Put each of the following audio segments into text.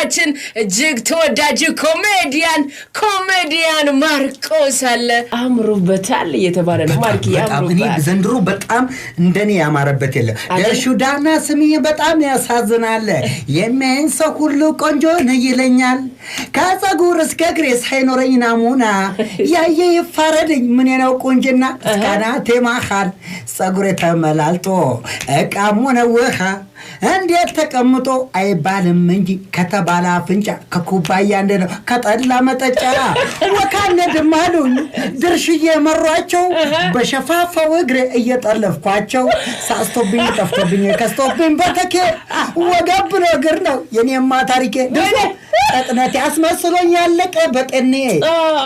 ወንድማችን እጅግ ተወዳጅ ኮሜዲያን ኮሜዲያን ማርቆስ አለ። አምሮበታል እየተባለ ነው። ማርክ ዘንድሮ በጣም እንደኔ ያማረበት የለም። ለሹዳና ስሚ በጣም ያሳዝናል። የሚያይን ሰው ሁሉ ቆንጆ ነው ይለኛል። ከፀጉር እስከ እግሬ ሳይኖረኝ ናሙና ያየ ይፋረድኝ። ምን ነው ቁንጅና እስካናቴ ቴማኻል ጸጉር ተመላልጦ እቃ ሙነውኻ እንዴት ተቀምጦ አይባልም እንጂ ከተባለ አፍንጫ ከኩባያ እንደ ነው ከጠላ መጠጫ ወካነ ድማሉኝ ድርሽዬ መሯቸው በሸፋፋው እግሬ እየጠለፍኳቸው ሳስቶብኝ ጠፍቶብኝ ከስቶብኝ በተኬ ወገብ ነው እግር ነው የኔማ ታሪኬ ጠጥነት ያስመስሎኝ ያለቀ በጤኔ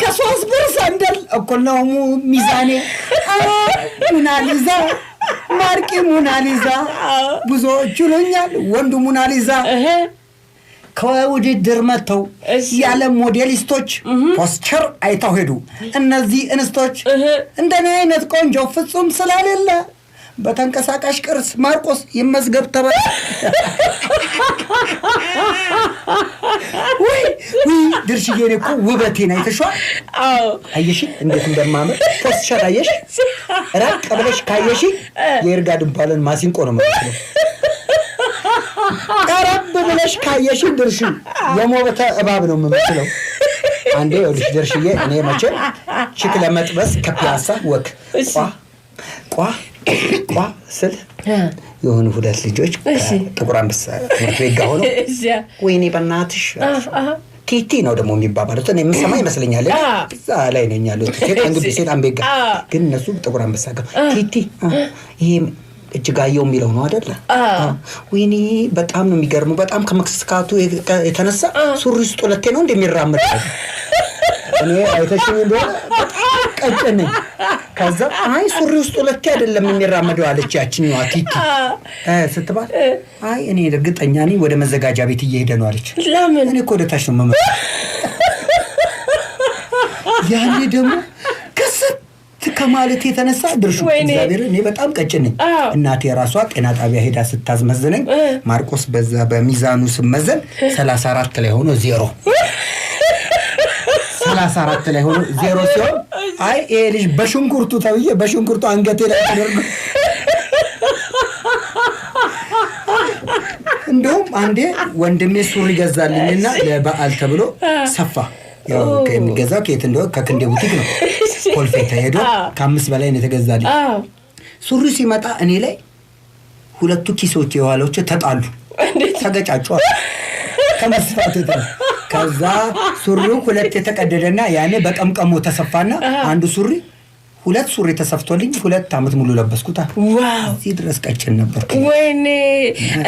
ከሶስት ብር ሰንደል እኩል ነው ሚዛኔ ምናልዛ ማርቂ ሙናሊዛ ብዙዎቹ ይሉኛል። ወንዱ ሙናሊዛ ከውድድር መጥተው የዓለም ሞዴሊስቶች ፖስቸር አይተው ሄዱ። እነዚህ እንስቶች እንደኔ አይነት ቆንጆ ፍጹም ስላሌለ በተንቀሳቃሽ ቅርስ ማርቆስ ይመዝገብ ተባለ። ወይ ወይ ድርሽዬ፣ እኔ እኮ ውበቴን አይተሽዋል። አየሽ እንዴት እንደማምር ፖስትሻት። አየሽ ራቅ ብለሽ ካየሽ የእርጋ ድንባለን ማሲንቆ ነው የምትለው። ቀረብ ብለሽ ካየሽ ድርሽ የሞበተ እባብ ነው የምመስለው። አንዴ ይኸውልሽ ድርሽዬ፣ እኔ መቼም ችክ ለመጥበስ ከፒያሳ ወክ ቋ ቋ ቋ ስል የሆኑ ሁለት ልጆች ጥቁር አንበሳ ትምህርት ቤት ጋር ሆነው ወይኔ በናትሽ ቲቲ ነው ደግሞ የሚባባሉት እኔ የምሰማ ይመስለኛል። እዛ ላይ ነኝ ያሉት ሴጣን ቤት ጋር ግን እነሱ ጥቁር አንበሳ ጋር ቲቲ ይሄ እጅጋየው የሚለው ነው አደለ? ወይኔ በጣም ነው የሚገርሙ። በጣም ከመክስካቱ የተነሳ ሱሪ ውስጥ ሁለቴ ነው እንደሚራመድ እኔ አይተሽ እንደሆነ ቀጭን ከዛ አይ ሱሪ ውስጥ ሁለቴ አይደለም የሚራመደው አለች ያችኛዋ ቲቲ ስትባል፣ አይ እኔ እርግጠኛ ነኝ ወደ መዘጋጃ ቤት እየሄደ ነው አለች። ለምን እኔ እኮ ወደ ታች ነው መመ ያኔ ደግሞ ከሰት ከማለት የተነሳ ድርሹ እግዚአብሔር እኔ በጣም ቀጭን ነኝ። እናቴ የራሷ ጤና ጣቢያ ሄዳ ስታስመዝነኝ ማርቆስ በዛ በሚዛኑ ስመዘን 34 ላይ ሆኖ ዜሮ 34 ላይ ሆኖ ዜሮ ሲሆን አይ ይሄ ልጅ በሽንኩርቱ ተብዬ በሽንኩርቱ አንገቴ ላይ ተደርጎ እንደውም አንዴ ወንድሜ ሱሪ ገዛልኝና ለበዓል ተብሎ ሰፋ የሚገዛው ከየት እንደሆነ ከክንዴ ቡቲክ ነው። ኮልፌ ተሄዶ ከአምስት በላይ ነው የተገዛልኝ ሱሪ። ሲመጣ እኔ ላይ ሁለቱ ኪሶች የኋላዎች ተጣሉ፣ ተገጫጩ ከመስፋት ከዛ ሱሪው ሁለት የተቀደደና ያኔ በቀምቀሞ ተሰፋና አንዱ ሱሪ ሁለት ሱሪ ተሰፍቶልኝ ሁለት ዓመት ሙሉ ለበስኩታ። እዚህ ድረስ ቀጭን ነበር። ወይኔ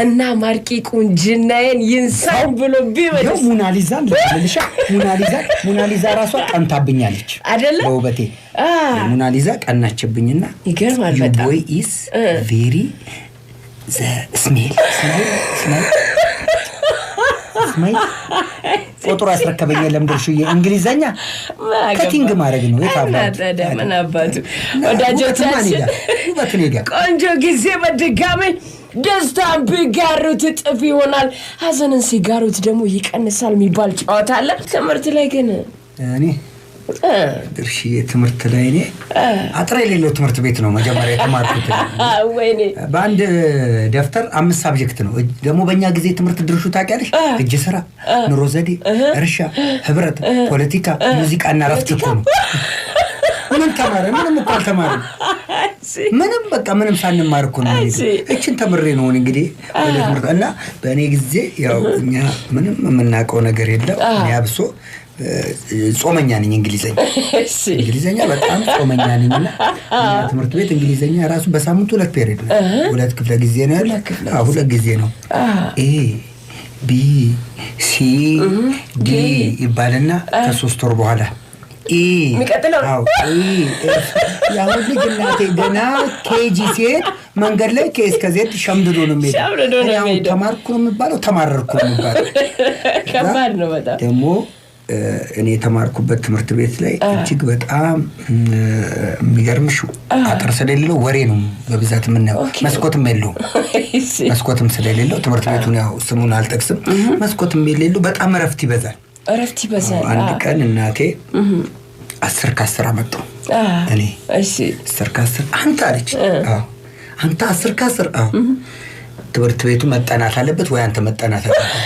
እና ማርቂ ቁንጅናዬን ይንሳን ብሎ ቢበደው ሙናሊዛን ልልሻ ሙናሊዛ ሙናሊዛ ራሷ ቀንታብኛለች አደለ? በውበቴ ሙናሊዛ ቀናችብኝና ይገርማል። በጣም ቦይ ኢስ ቬሪ ዘ ስሜል ስማይል ስማይል ቆጥሮ ያስረከበኝ የለም ድርሹዬ፣ እንግሊዘኛ ከቲንግ ማድረግ ነው። ምናባቱ ወዳጆቻችን ቆንጆ ጊዜ በድጋሚ ደስታን ቢጋሩት እጥፍ ይሆናል፣ ሀዘንን ሲጋሩት ደግሞ ይቀንሳል የሚባል ጨዋታ አለ። ትምህርት ላይ ግን እኔ ድርሽ የትምህርት ላይ እኔ አጥር የሌለው ትምህርት ቤት ነው መጀመሪያ የተማርኩት። በአንድ ደብተር አምስት ሳብጀክት ነው። ደግሞ በእኛ ጊዜ ትምህርት ድርሹ ታውቂያለሽ? እጅ ስራ፣ ኑሮ ዘዴ፣ እርሻ፣ ህብረት፣ ፖለቲካ፣ ሙዚቃና ረፍት እኮ ነው። ምንም ተማረ ምንም እኮ አልተማረ ምንም በቃ ምንም ሳንማር እኮ ነው። እችን ተምሬ ነው እንግዲህ እና በእኔ ጊዜ ያው እኛ ምንም የምናውቀው ነገር የለም ያብሶ ጾመኛ ነኝ። እንግሊዘኛ እንግሊዘኛ በጣም ጾመኛ ነኝ እና ትምህርት ቤት እንግሊዘኛ ራሱ በሳምንት ሁለት ፔሪድ ነው። ሁለት ክፍለ ጊዜ ነው ያለ። ሁለት ጊዜ ነው ኤ ቢ ሲ ዲ ይባልና ከሶስት ወር በኋላ የሚቀጥለው የአሁን ገና ኬጂ ሲሄድ መንገድ ላይ ከኤስ ከዜድ ሸምድዶ ነው የሚሄደው። ተማርኩ ነው የሚባለው፣ ተማረርኩ ነው የሚባለው። ከባድ ነው በጣም ደግሞ እኔ የተማርኩበት ትምህርት ቤት ላይ እጅግ በጣም የሚገርምሽ አጥር ስለሌለው ወሬ ነው በብዛት የምናየው። መስኮትም የለውም። መስኮትም ስለሌለው ትምህርት ቤቱን ያው ስሙን አልጠቅስም። መስኮትም የሌለው በጣም እረፍት ይበዛል፣ እረፍት ይበዛል። አንድ ቀን እናቴ አስር ከአስር አመጡ። እኔ አስር ከአስር አንተ አለች። አንተ አስር ከአስር ትምህርት ቤቱ መጠናት አለበት ወይ አንተ መጠናት አለበት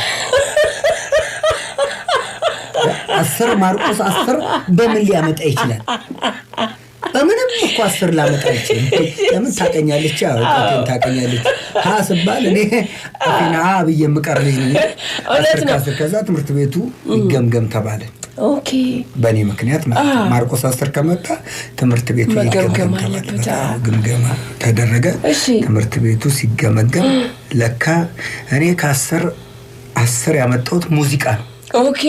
አስር ማርቆስ አስር በምን ሊያመጣ ይችላል? በምንም እኮ አስር ላመጣ ይችላል። ለምን ታቀኛለች? እውቀቴን ታቀኛለች። ሀ ስባል እኔ አፊና ብዬ የምቀር ልጅ አስር ከአስር ከዛ ትምህርት ቤቱ ይገምገም ተባለ። በእኔ ምክንያት ማርቆስ አስር ከመጣ ትምህርት ቤቱ ይገምገም ግምገማ ተደረገ። ትምህርት ቤቱ ሲገመገም ለካ እኔ ከአስር አስር ያመጣሁት ሙዚቃ ነው። ኦኬ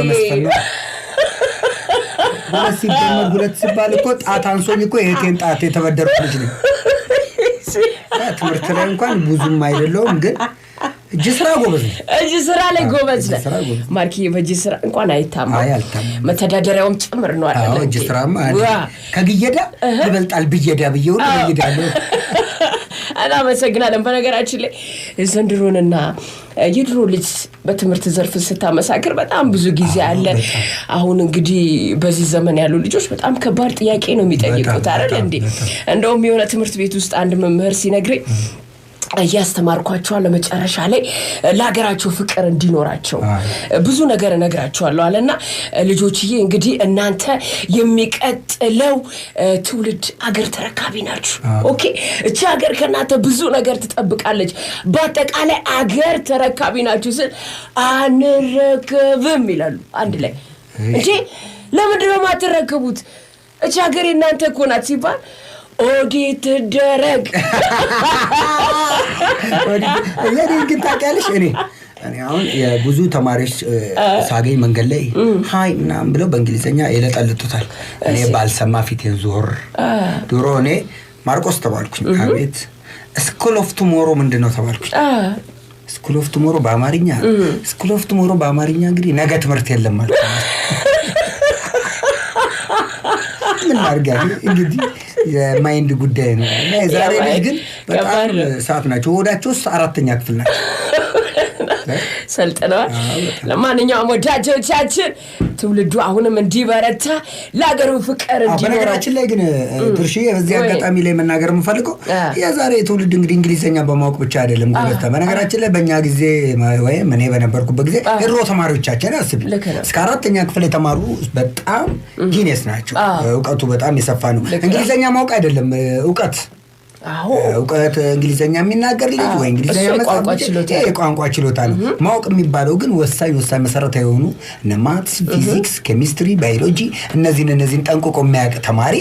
ሁለት ሲደመር ሁለት ሲባል እኮ ጣት አንሶኝ እኮ የእህቴን ጣት የተበደርኩ ልጅ ነው። ትምህርት ላይ እንኳን ብዙም አይደለውም ግን እጅ ስራ ጎበዝ ነው። እጅ ስራ ላይ ጎበዝ ነህ ማርክዬ። በእጅ ስራ እንኳን አይታማም፣ መተዳደሪያውም ጭምር ነው አይደል? እጅ ስራማ ከግየዳ ይበልጣል ብየዳ ብየው ብየዳ እናመሰግናለን። በነገራችን ላይ ዘንድሮንና የድሮ ልጅ በትምህርት ዘርፍ ስታመሳክር በጣም ብዙ ጊዜ አለ። አሁን እንግዲህ በዚህ ዘመን ያሉ ልጆች በጣም ከባድ ጥያቄ ነው የሚጠይቁት አይደል እንዴ? እንደውም የሆነ ትምህርት ቤት ውስጥ አንድ መምህር ሲነግረኝ እያስተማርኳቸዋለሁ መጨረሻ ላይ ለሀገራቸው ፍቅር እንዲኖራቸው ብዙ ነገር እነግራቸዋለሁ አለና ልጆችዬ፣ እንግዲህ እናንተ የሚቀጥለው ትውልድ አገር ተረካቢ ናችሁ። ኦኬ፣ እቺ ሀገር ከእናንተ ብዙ ነገር ትጠብቃለች። በአጠቃላይ አገር ተረካቢ ናችሁ ስል አንረከብም ይላሉ። አንድ ላይ እንዴ፣ ለምንድነው የማትረከቡት? እቺ ሀገር የእናንተ እኮ ናት ሲባል ኦዲት ደረግ እኔ ግን ታውቂያለሽ እኔ እኔ አሁን የብዙ ተማሪዎች ሳገኝ መንገድ ላይ ሀይ ምናምን ብለው በእንግሊዝኛ የለጠልጡታል። እኔ ባልሰማ ፊቴን ዞር። ድሮ እኔ ማርቆስ ተባልኩኝ። አቤት ስኩል ኦፍ ቱሞሮ ምንድን ነው ተባልኩኝ። ስኩል ኦፍ ቱሞሮ በአማርኛ ስኩል ኦፍ ቱሞሮ በአማርኛ እንግዲህ ነገ ትምህርት የለም ማለት ምን አድርጋ እንግዲህ የማይንድ ጉዳይ ነው እና የዛሬ ግን በጣም ሰዓት ናቸው። ወዳቸው ውስጥ አራተኛ ክፍል ናቸው። ሰልጥነዋል። ለማንኛውም ወዳጆቻችን ትውልዱ አሁንም እንዲበረታ ለሀገሩ ፍቅር በነገራችን ላይ ግን ድርሽ በዚህ አጋጣሚ ላይ መናገር የምፈልገው የዛሬ ትውልድ እንግዲህ እንግሊዝኛ በማወቅ ብቻ አይደለም ጎበታ። በነገራችን ላይ በእኛ ጊዜ ወይም እኔ በነበርኩበት ጊዜ የድሮ ተማሪዎቻችን አስቢ እስከ አራተኛ ክፍል የተማሩ በጣም ጊኔስ ናቸው። እውቀቱ በጣም የሰፋ ነው። እንግሊዝኛ ማወቅ አይደለም እውቀት እውቀት እንግሊዝኛ የሚናገር ልጅ ወይ እንግሊዝኛ የቋንቋ ችሎታ ነው። ማወቅ የሚባለው ግን ወሳኝ ወሳኝ መሰረታ የሆኑ እነ ማትስ፣ ፊዚክስ፣ ኬሚስትሪ፣ ባዮሎጂ እነዚህን እነዚህን ጠንቅቆ የሚያውቅ ተማሪ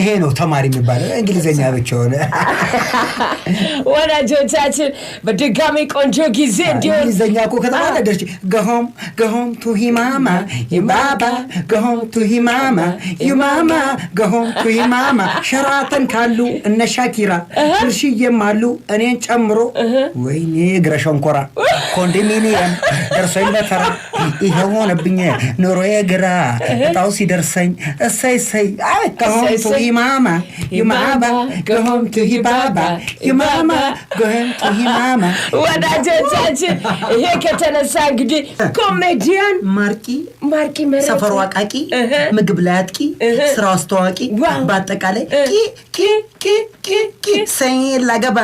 ይሄ ነው ተማሪ የሚባለው እንግሊዝኛ ብቻ ሆነ። ወዳጆቻችን በድጋሚ ቆንጆ ጊዜ እንዲሆን እንግሊዝኛ እኮ ከተማረ ደርሽ ገሆም ገሆም ቱሂማማ ይባባ ገሆም ቱሂማማ ይማማ ገሆም ቱሂማማ ሸራተን ካሉ እነ ሻኪራ ጥርሽዬ ማሉ እኔን ጨምሮ ወይኔ እግረ ሸንኮራ ኮንዶሚኒየም ደርሶኝ በተራ ይሄ ሆነብኝ ኑሮዬ ግራ እጣው ሲደርሰኝ እሰይ እሰይ ከሆምቱ ሂማማ ይማማ ከሆምቱ ሂባባ ይማማ ከሆምቱ ሂማማ። ወዳጆቻችን ይሄ ከተነሳ እንግዲህ ኮሜዲያን ማርቂ ማርቂ ሰፈሩ አቃቂ ምግብ ላይ አጥቂ ስራው አስተዋቂ በአጠቃላይ ቂ ቂ ቂ ቂ ሰኝ ላገባ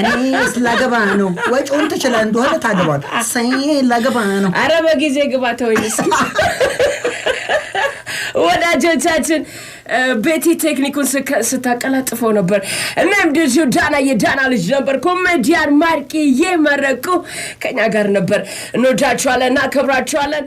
እኔ ስላገባ ነው። ወጪውን ትችለ እንደሆነ ታገባል። ሰኝ ላገባ ነው። አረ በጊዜ ግባ ተወይስ ወዳጆቻችን ቤቲ ቴክኒኩን ስታቀላጥፎ ነበር። እናም ልጁ ዳና የዳና ልጅ ነበር። ኮሜዲያን ማርቂ የመረቁ ከኛ ጋር ነበር። እንወዳችኋለን፣ እናከብራችኋለን።